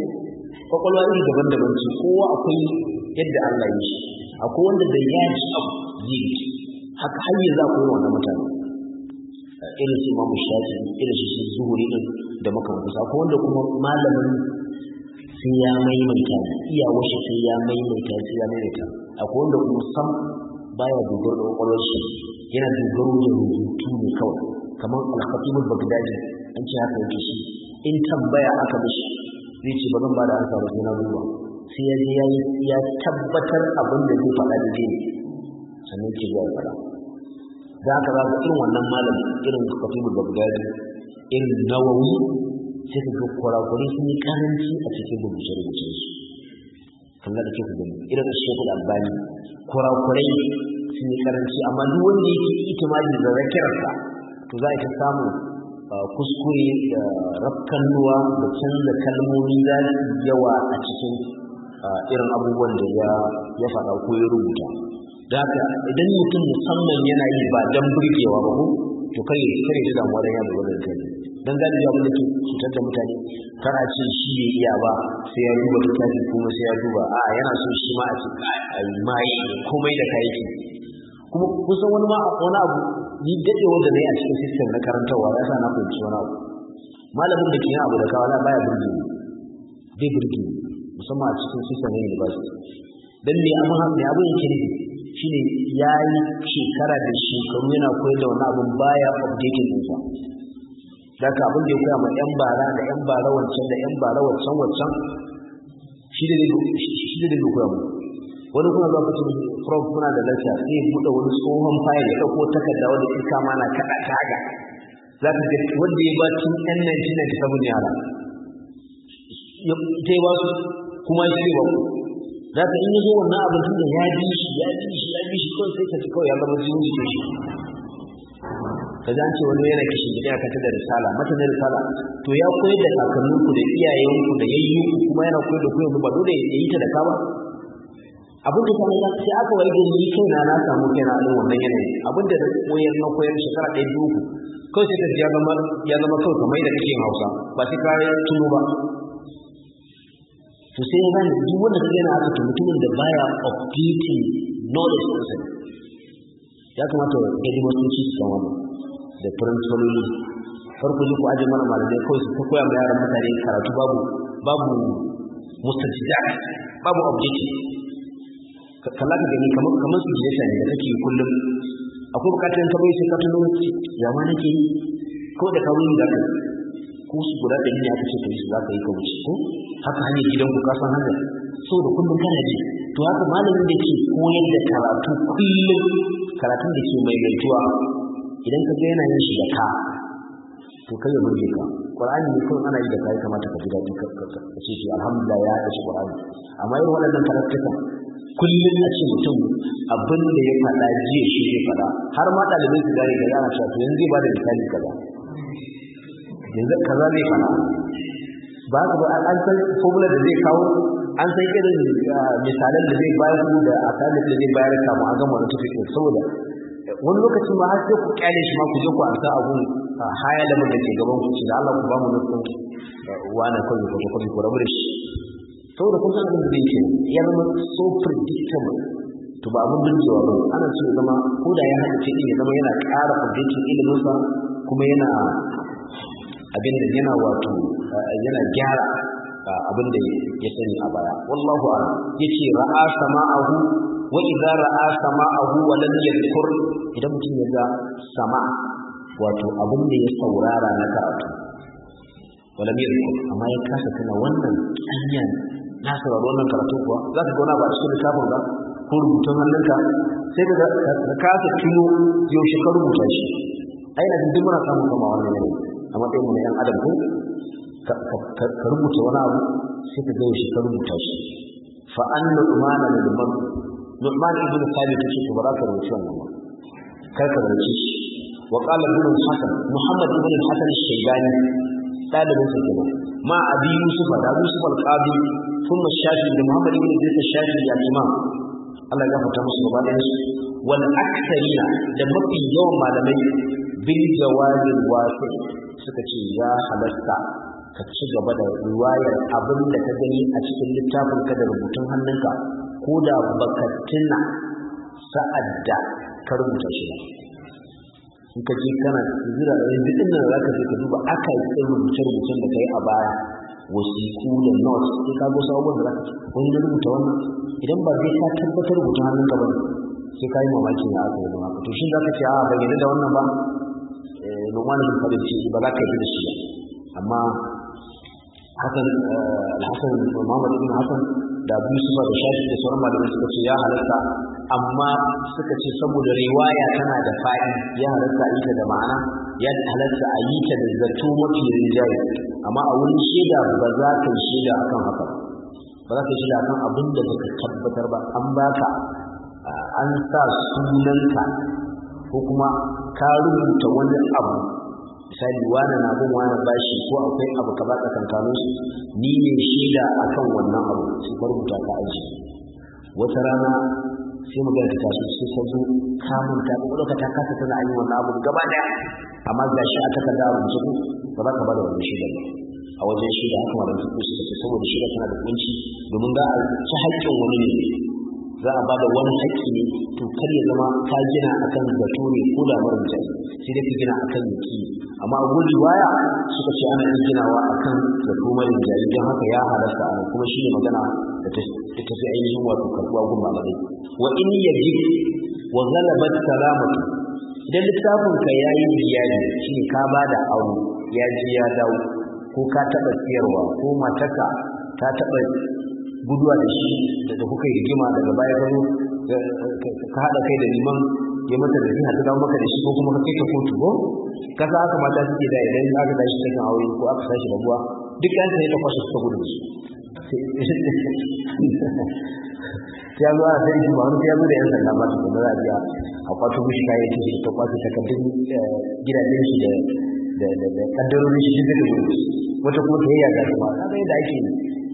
kwakwalwa iri daban-daban ce kowa akwai yadda Allah ya shi akwai wanda da ya ji abu ji haka har yanzu akwai wannan mutane irin su Imam Shafi irin su Zuhuri din da makamantansu akwai wanda kuma malamin sai ya maimaita iya washe sai ya maimaita sai ya maimaita akwai wanda kuma sam baya dogaro da kwakwalwar shi yana dogaro da rubutu ne kawai kamar alkhatibul bagdadi an ce haka yake shi in tambaya aka mishi zai ce ba zan ba da amsa ba sai na duba sai ya je ya tabbatar abin da zai faɗa da zai sannan ke zuwa faɗa za ka za ka irin wannan malam irin khatibul bagdadi irin nawawi sai ka ga kurakurai sun yi karanci a cikin rubuce-rubucen su kan da ke gani irin shehu albani kurakurai sun yi karanci amma duk wanda yake itimadi da rakirarsa to za a ta samu ah, kuskure da ruwa da canza kalmomi za su yawa a cikin ah, irin abubuwan da ya faɗa ko ya rubuta da haka idan mutum musamman yana yi ba don burgewa ba ko to kai kare da damuwa da yana da wannan dan galibi ya da ke cutar da mutane kana ce shi ya iya ba sai ya duba littafi kuma sai ya duba a yana so shi ma a ce ma yi komai da ki kuma kusan wani ma wani abu ni dadewar da na yi a cikin sistem na karantarwa ya sa na fahimci wani abu malamin da ke yin abu da kawala baya burge ne, zai burge musamman a cikin sistem na university dan me abin ne abin yake ne shine yayi shekara da shekaru yana koyar da wani abin baya updating sa da ka abin da ya kama yan bara da yan bara wancan da yan bara wancan wancan shi da duk koya wani kuma za ku ce kuna da lafiya sai buɗe wani tsohon fayil ya ɗauko takarda wanda ke kama na kaɗa taga za ka ga wanda ya ba tun yan nan shi ne ta samu yara ta yi ba su kuma shi ba ku za ka in yi zo wannan abin tun da ya bi shi ya bi shi ya bi shi kawai sai ka ci kawai ya zama jini shi ka ji an ce wani yana kishin gida ya kanta da risala mata da risala to ya koyar da kakanninku da iyayenku da yayyinku kuma yana koyar da koyar ba dole ya yi ta da kama abin da kuma ya sai aka wai gani kaina na samu kaina a wannan yanayi abin da na koyar na koyar shekara ɗaya biyu uku kawai sai ka ji ya zama ya zama kawai kamar da kake hausa ba sai ka tuno ba to sai ya gane duk wanda kake yana aka mutumin da baya duty knowledge ɗinsa ya kamata ya ji wasu su kan da firansololi farko ji ku ajiye mana malamai kawai su ta koya ma yaran mutane karatu babu babu mustajida babu objective kalla ka gani kamar kamar su jidata ne da kake kullum akwai bukatar yanka bai sai ka lokaci ya ma nake yi kawai da kawo da kai ko su guda da ne aka ce ta yi su za ka yi ka wuce ko haka hanyar gidan ku kasan hanyar da kullum kana ji to haka malamin da ke koyar da karatu kullum karatun da ke mai maimaituwa idan ka ga yana yin shi da ka to kai ya burge ka qur'ani ne kun ana yi da kai kamata ka ji daɗi ka ce shi alhamdulillah ya shi qur'ani amma irin waɗannan karatuka kullum a ce mutum abin da ya faɗa jiya shi ne faɗa har ma ɗalibai su gane kaza ana cewa to yanzu zai ba da misali kaza yanzu kaza ne faɗa ba ka ba an san formula da zai kawo an san irin ah, misalan da zai bayar da kan da zai bayar kama a gama wani tafiya saboda wani lokaci ma har sai ku kyale shi ma ku je ku ansa abun haya da mun da ke gaban ku da Allah ku ba mu nufin wani kawai ku ku ku rabu da shi da kun san abin da yake ya zama so predictable to ba abun dinkewa ba ana so zama ko da ya haɗa cikin ya zama yana ƙara fahimtar ilimin sa kuma yana abin da yana wato yana gyara abin da ya sani a baya wallahu a'lam yace ra'a sama'ahu wa idza ra'a sama'ahu wa lam yadhkur idan mutum ya ga sama wato abin da ya saurara na karatu wa lam yadhkur amma ya kasa kana wannan kiyan na saurara wannan karatu kuwa za ka gona ba cikin littafin ba ko rubutun hannunka sai ka ka kasa tuno yaushe ka rubuta shi ai na dindin muna samun kama wannan ne Amma ɗaya mu ne yan adam ko ka rubuta wani abu sai ka ga yaushe ka rubuta shi fa annu umana lil mar'i Nu'man ibn Thabit yace to baraka da wannan ba kar ka barci shi wa qala ibn Hasan Muhammad ibn Hasan al-Shaybani ma abi Yusuf da Yusuf al-Qadi thumma da Muhammad ibn Idris al-Shafi ya imam Allah ya gafarta musu gaba da da mafi yawan malamai bil suka ce ya halarta ka ci gaba da riwayar abin da ka gani a cikin littafin ka da rubutun hannunka ko da baka tuna sa'ad da ka rubuta shi in ka je kana zira da eh, yin duk inda za ka je ka duba aka yi irin rubuce-rubucen da ka yi a baya wasiku da notes sai ka go sabon da za ka wani na rubuta wannan idan ba zai ka tabbatar rubuta hannun ka ba sai ka yi mamakin ya aka yi zama to shi za ka ce a ah, bai yadda da wannan ba eh, wani bin fadil ce ba za ka yi da shi amma hasan eh, alhassan Muhammadu ibn hasan da abu su da shafi da sauran malamai suka ce ya halatta amma suka ce saboda riwaya tana da fa'i ya halatta a yi ta da ma'ana ya halatta a yi ta da zato mafi rinjaye amma a wurin shaida ba za ka yi shaida akan haka ba za ka yi shaida kan abin da baka tabbatar ba an baka an sa sunanka ko kuma ka rubuta wani abu misali wani na bin wani bashi ko akwai abu ka kaza tsakankanin su ni ne shaida akan wannan abu su bar rubuta ka aji wata rana sai mu ta tashi sai ka zo ka manta ko da ta kasa tana an yi wannan abu gaba daya amma ga shi aka kada rubuce ku ba za ka bada wannan shaida ba a wajen shaida haka wannan su suka ce saboda shaida tana da kunci domin za a ci haƙƙin wani ne za a bada wani haƙƙi ne to kar ya zama ka gina akan zato ne ko da mara mutane sai dai ka gina akan yaki amma abu riwaya suka ce ana iya ginawa akan zato mara mutane don haka ya halasta a kuma shi ne magana da ta fi ainihin wato karɓuwa gun malamai wa in yaji wa zalabat salamatu idan littafin ka ya yi biyani shine ka ba da aure ya ji ya dawo ko ka taɓa siyarwa ko mataka ta taɓa guduwa da shi da kuka yi rigima daga baya ka ka haɗa kai da liman ya mata da zina ta dawo maka da shi ko kuma ka kai ka kotu ko kasa aka mata suke da idan aka tashi cikin aure ko aka tashi buwa duk yan sai ta kwashe ta gudu su [LAUGHS] ya zo a sai shi ba wani ya zo da yan sanda masu kuma za a biya a kwato mishi kayayyakin shi ta kwato takardun eh, gidajen shi da da da shi zai da gudu wata kuma ta yi yaga kuma kaga da ake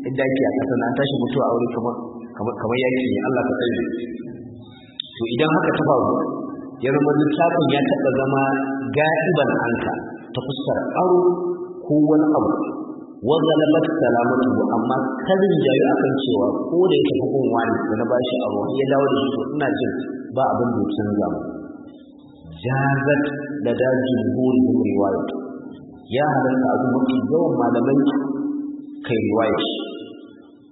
inda yake a ƙasa na tashi mutuwa aure kamar kamar yaki ne Allah ka tsaye to idan haka ta faru ya zama littafin ya taɓa zama ga'iban anka ta fuskar aro ko wani abu wanda na salamatu amma karin a kan cewa ko da yake hukun wani da na bashi aro ya dawo da shi suna ina jin ba abin da ya canza mu jazat da dajin buri riwayat ya halatta abu mafi yawan malamai kai riwayat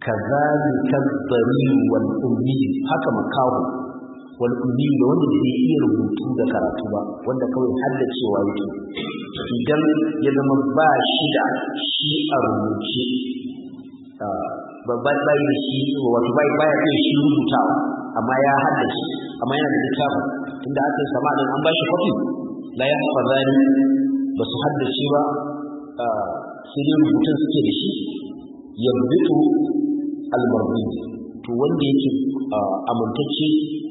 kazalika dhari wal ummi haka makahu wal ummi da wanda bai iya rubutu da karatu ba wanda kawai haddacewa yake idan ya ba shi da shi a rubuce babban bayi da shi wato bayi baya iya shi rubutawa amma ya haddace amma yana da littafin tunda aka yi sama din an ba shi kwafi la ya fadani ba su haddace ba sai dai rubutun suke da shi rubutu. almarbi to wanda yake amintacce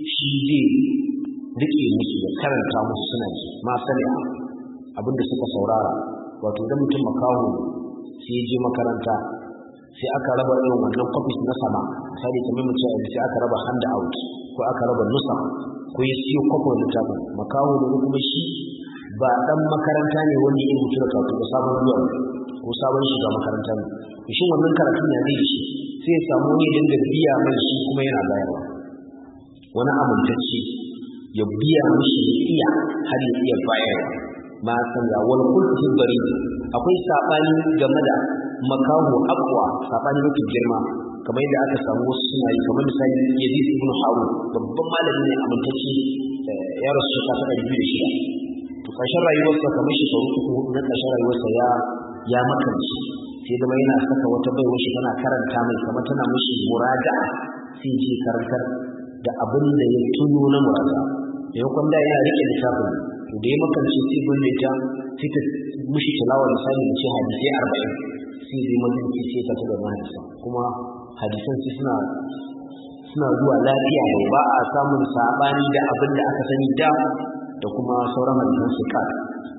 shi zai rike musu da karanta musu suna ji ma sani da suka saurara wato idan mutum makaho sai ya je makaranta sai aka raba irin wannan kwafis na sama misali kamar mutum yanzu sai aka raba hand out ko aka raba nusa ko ya siyo kwafin littafin makaho da kuma shi ba dan makaranta ne wanda yake mutu da karatu sabon zuwa ko sabon shiga makaranta ne shi wannan karatun ya zai shi sai ya samu ne dinga biya mai shi kuma yana bayarwa wani amintacce ya biya mishi ya iya har ya iya bayar ma san ga wal kulli bari akwai sabani game da makahu aqwa sabani mafi girma kamar yadda aka samu wasu suna yi kamar misali yazid ibn harun babban malami ne amintacce eh, ya rasu shekara ta biyu da shida to ƙarshen rayuwarsa kamar sauki uku na ƙarshen rayuwarsa ya ya makanci sai zama yana saka wata bai shi tana karanta mai kama tana mishi murada sai ce karantar da abin da ya tuno na murada da yakon da yana rike littafin to da ya makarci sai gulle ta sai ta mishi da misali da ce hadisai arba'in sai zai majalisi sai ta tuba mahadisa kuma hadisan su suna suna zuwa lafiya ne ba a samun sabani da abin da aka sani da da kuma sauran hadisan su ka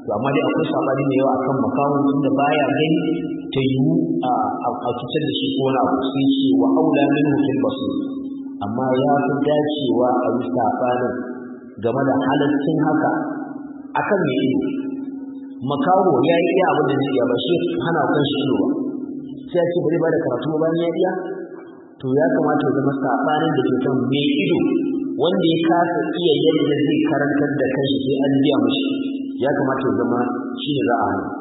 to amma dai akwai sabani yau yawa akan makawun da baya gani ta yiwu a fitar da shi ko na sai shi wa aula min mutum basu amma ya fi dacewa a yi safanin game da halaccin haka akan mai ido makaho ya yi iya abin da zai iya ba shi hana kan shi ido sai ya ce bari ba da karatu ba bayan ya iya to ya kamata ya zama safanin da ke kan mai ido wanda ya kasa iya yadda zai karantar da kashi sai an biya mashi ya kamata ya zama shi ne za a hana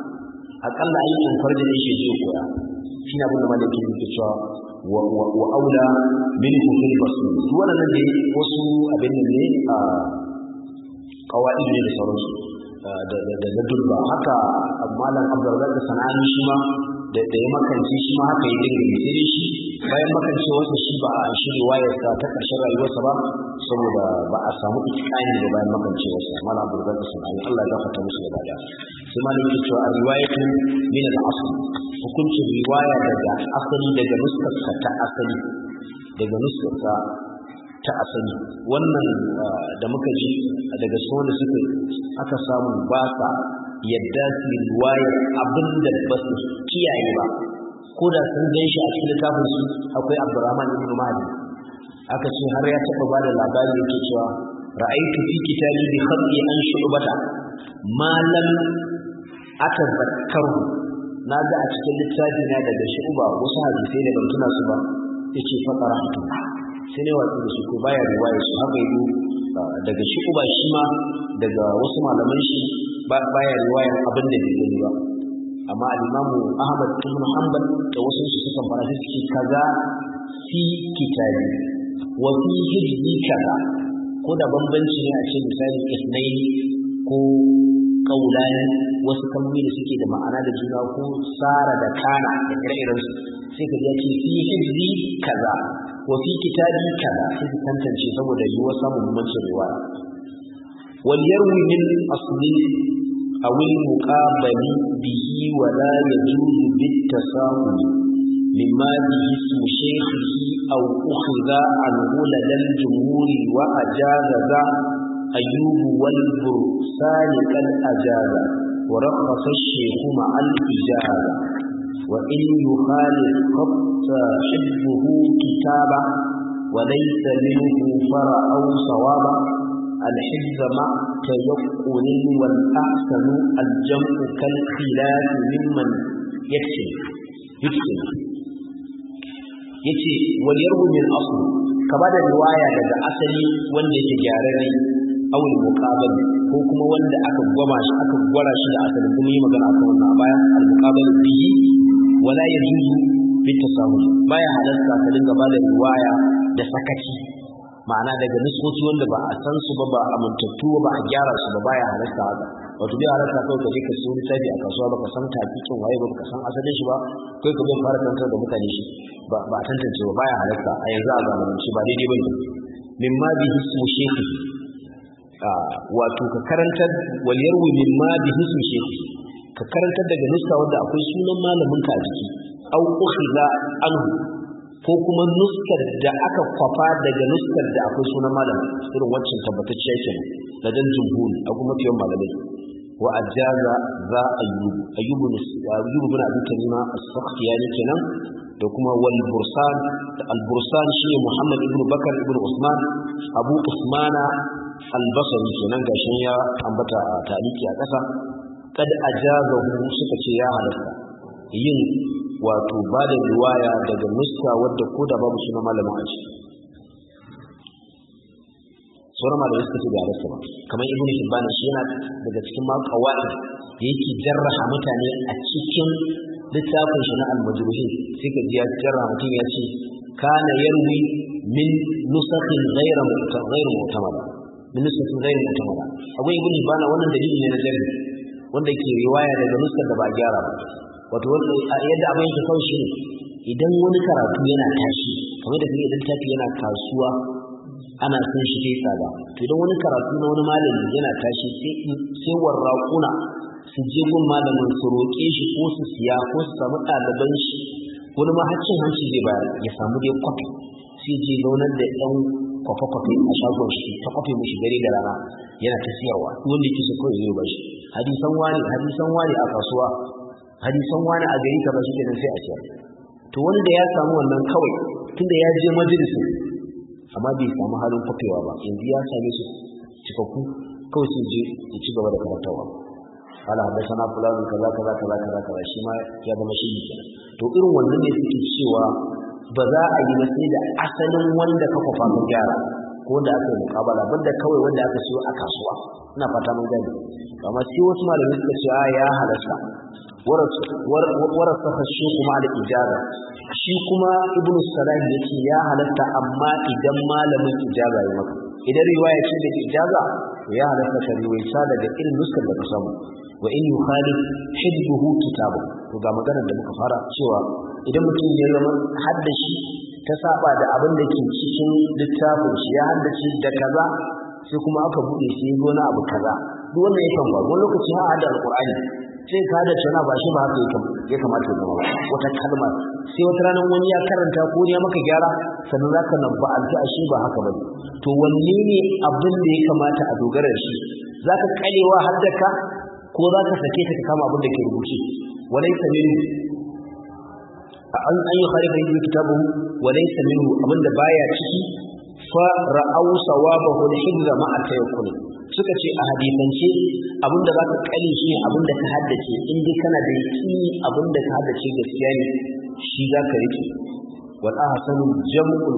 akalla aikin farji ne yake so koya shi ne abin da malaki yake cewa wa aula min kufur rasul su wannan ne wasu abin ne a kawai ne da sauransu da da durba haka malam abdurrazak sanani shi ma da da ya makanci shi ma haka yake ne sai shi bayan makance wanda shi ba a shi riwayarsa ta ƙarshen rayuwarsa ba saboda ba a samu itikani da bayan makance wasa mana burgar da sun ayi Allah ya gafarta musu da bada sai malam yake cewa riwayatu min al-asl hukuncin riwaya daga asali daga nuskarsa ta asali daga nuskarsa ta asali wannan ah, da muka ji daga sauran suka aka samu ba sa yadda su riwayar abinda ba su kiyaye ba ko da sun gan shi a cikin littafin su akwai Abdurrahman ibn Mali aka ce har ya taɓa ba da labari yake cewa ra'aytu fi kitabi bi khatti an shu'bata ma lam atazakkaru na ga a cikin littafi na daga shu'ba wasu hadisi ne ban tuna su ba yace fa qara'tu sai ne wato shi ko baya riwaya su haka yi daga shu'ba shi ma daga wasu malaman shi baya riwayar abin da bai gani ba amma al-imamu ahmad ibn muhammad da wasu su suka fara shi suke kaza fi kitabi wa fi hizbi kaza ko da bambanci ne a ce misali isnai ko kaulani wasu kalmomi da suke da ma'ana da juna ko tsara da kana da ire su sai ka ya ce fi hizbi kaza wa fi kitabi kaza sai ka tantance saboda yiwuwar samun bambancin riwaya wal yarwi min asli أو المقابل به ولا يجوز بالتساهل لما به اسم شيخه أو أخذ عن لدى الجمهور وأجاز أيوب والبرسان قد أجاز ورخص الشيخ مع الإجازة وإن يخالف خط حبه كتابا وليس منه فرع أو صوابا الحب مع ta والأحسن الجمع كالخلاف ممن يكتب يكتب yace wal yarhu min asl ka bada riwaya daga asali wanda yake gyararre aw al muqabal ko kuma wanda aka gwara shi da asali kuma yi magana akan wannan baya al muqabal baya ka riwaya da sakaci ma'ana daga nuskoki wanda ba a san su ba ba a amintattu ba ba a gyara su ba baya halatta haka wato bai halatta kawai ka je ka siyo littafi a kasuwa ba ka san tafikin waye ba ka san asalin shi ba kai ka zo fara tantar da mutane shi ba a tantance ba baya halatta a yanzu a shi ba daidai bane min ma bi hismu shekhi wato ka karanta waliyar wu min ma bi hismu shehi ka karanta daga nuska wanda akwai sunan malamin ka a jiki au ukhila anhu ko kuma nuskar da aka kwafa daga nuskar da akwai sunan malam irin waccan tabbatacciya ke da dan jumhur a kuma fiyon malamai wa ajaza za a yi ayyub ayyub abin ta abi a as-sakhtiyani kenan da kuma wal bursan da al bursan shine muhammad ibnu bakar ibnu usman abu usmana al-basri kenan gashin ya ambata a tariki a kasa kad ajazahu suka ce ya halatta yin wato ba da riwaya daga nuska wadda ko da babu suna malamin a ciki sauran malamai suka ce da halatta ba kamar ibnu hibban shi yana daga cikin ma qawaid yake jarraha mutane a cikin littafin shi na al-majruhin sai ka ji ya jarraha mutum ya ce kana yarwi min nusakhin ghayra ghayra mu'tamada min nusakhin ghayra mu'tamada abu ibnu hibban wannan dalili ne na jarri wanda ke riwaya daga nuskar da ba a gyara ba wato yadda abin yake kawai shi ne idan wani karatu yana tashi kuma da kuma idan tafi yana kasuwa ana son shi sai tsada to idan wani karatu na wani malami yana tashi sai warraƙuna su je gun malamin su roƙe shi ko su siya ko su samu ɗaliban shi wani ma haccin hanci zai bayar ya samu dai kwafi sai je zaunar da ɗan kwafe-kwafe a shagon shi ta kwafe mashi dare da rana yana ta siyarwa wanda ke so kawai zai bashi hadisan wani hadisan wani a kasuwa hadisan wani a gari kaza shi kenan sai a ciyar to wanda ya samu wannan kawai tunda ya je majalisin amma bai samu halin fakewa ba yanzu ya same su cikakku kawai sai je ya ci gaba da karantawa ala hadasana fulani kaza kaza kaza kaza kaza shi ma ya zama shi ne to irin wannan ne suke cewa ba za a yi sai da asalin wanda ka kwafa gyara ko da aka yi mukabala banda kawai wanda aka siyo a kasuwa ina fata mun gani amma sai wasu malamai suka ce a ya halasta warasafa shi kuma al-ijaba shi kuma ibn salah yake ya halatta amma idan malamin ijaba ya maka idan riwaya ce da ijaba ya halatta ka riwaya daga irin nuskar da ka samu wa in yukhalif hibbuhu kitabu to ga maganar da muka fara cewa idan mutum ya zama shi ta saba da abin da ke cikin littafin shi ya haddace da kaza sai kuma aka bude shi gona abu kaza duk wannan yakan faru wani lokaci har da alqur'ani sai ka da tana ba shi ba haka ya kamata ya wata kalma sai wata ranar wani ya karanta ko ya maka gyara sannan zaka nabba a shi ba haka ba. to wanne ne abin da ya kamata a dogara shi ka kalewa ka? ko za ka sake ta kama abin da ke rubuce walaysa minhu an an yi yi kitabu wani minhu abin da baya ciki fa ra'au sawabahu al-hidra ma'a yakulu suka ce a hadisance abinda za ka kare shi da ka haddace in dai kana da yaki da ka haddace gaskiya ne shi za ka rike wal ahsanu jam'u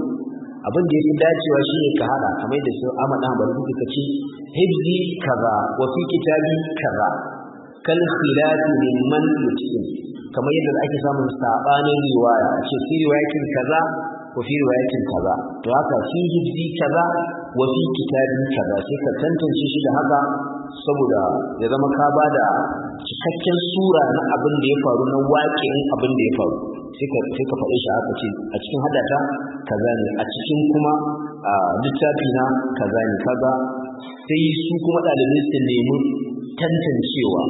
abin da yake dacewa shine ka hada kamar da su amana ba su ka ce hibzi kaza wa fi kitabi kaza kal khilafi mimman yutsin kamar yadda ake samun sabanin riwaya a ce fi riwayatin kaza ko fi riwayatin kaza to haka fi hibzi kaza wa fi ka kaza sai ka tantance shi da haka saboda ya zama ka ba da cikakken sura na abin da ya faru na waƙin abin da ya faru sai ka faɗi shi haka ce a cikin hadata ka zane a cikin kuma littafi na kaza ne kaza sai su kuma ɗalibai su nemi tantancewa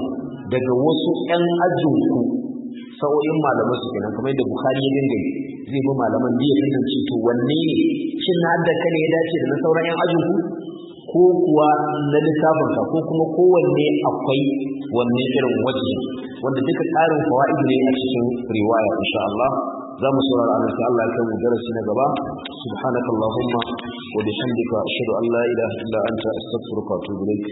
daga wasu 'yan ajinku sa'o'in malamai su kenan kamar yadda Bukhari ya dinga zai bi malaman biya kasance to wanne ne shin na ya dace da na sauran yan ajin ku ko kuwa na lissafin ka ko kuma kowanne akwai wanne irin waje wanda duka tsarin fawaid ne a cikin riwaya insha Allah za mu saurara an sai Allah ya kai mu darasi na gaba subhanakallahumma wa bihamdika ashhadu an la ilaha illa anta astaghfiruka wa atubu ilaik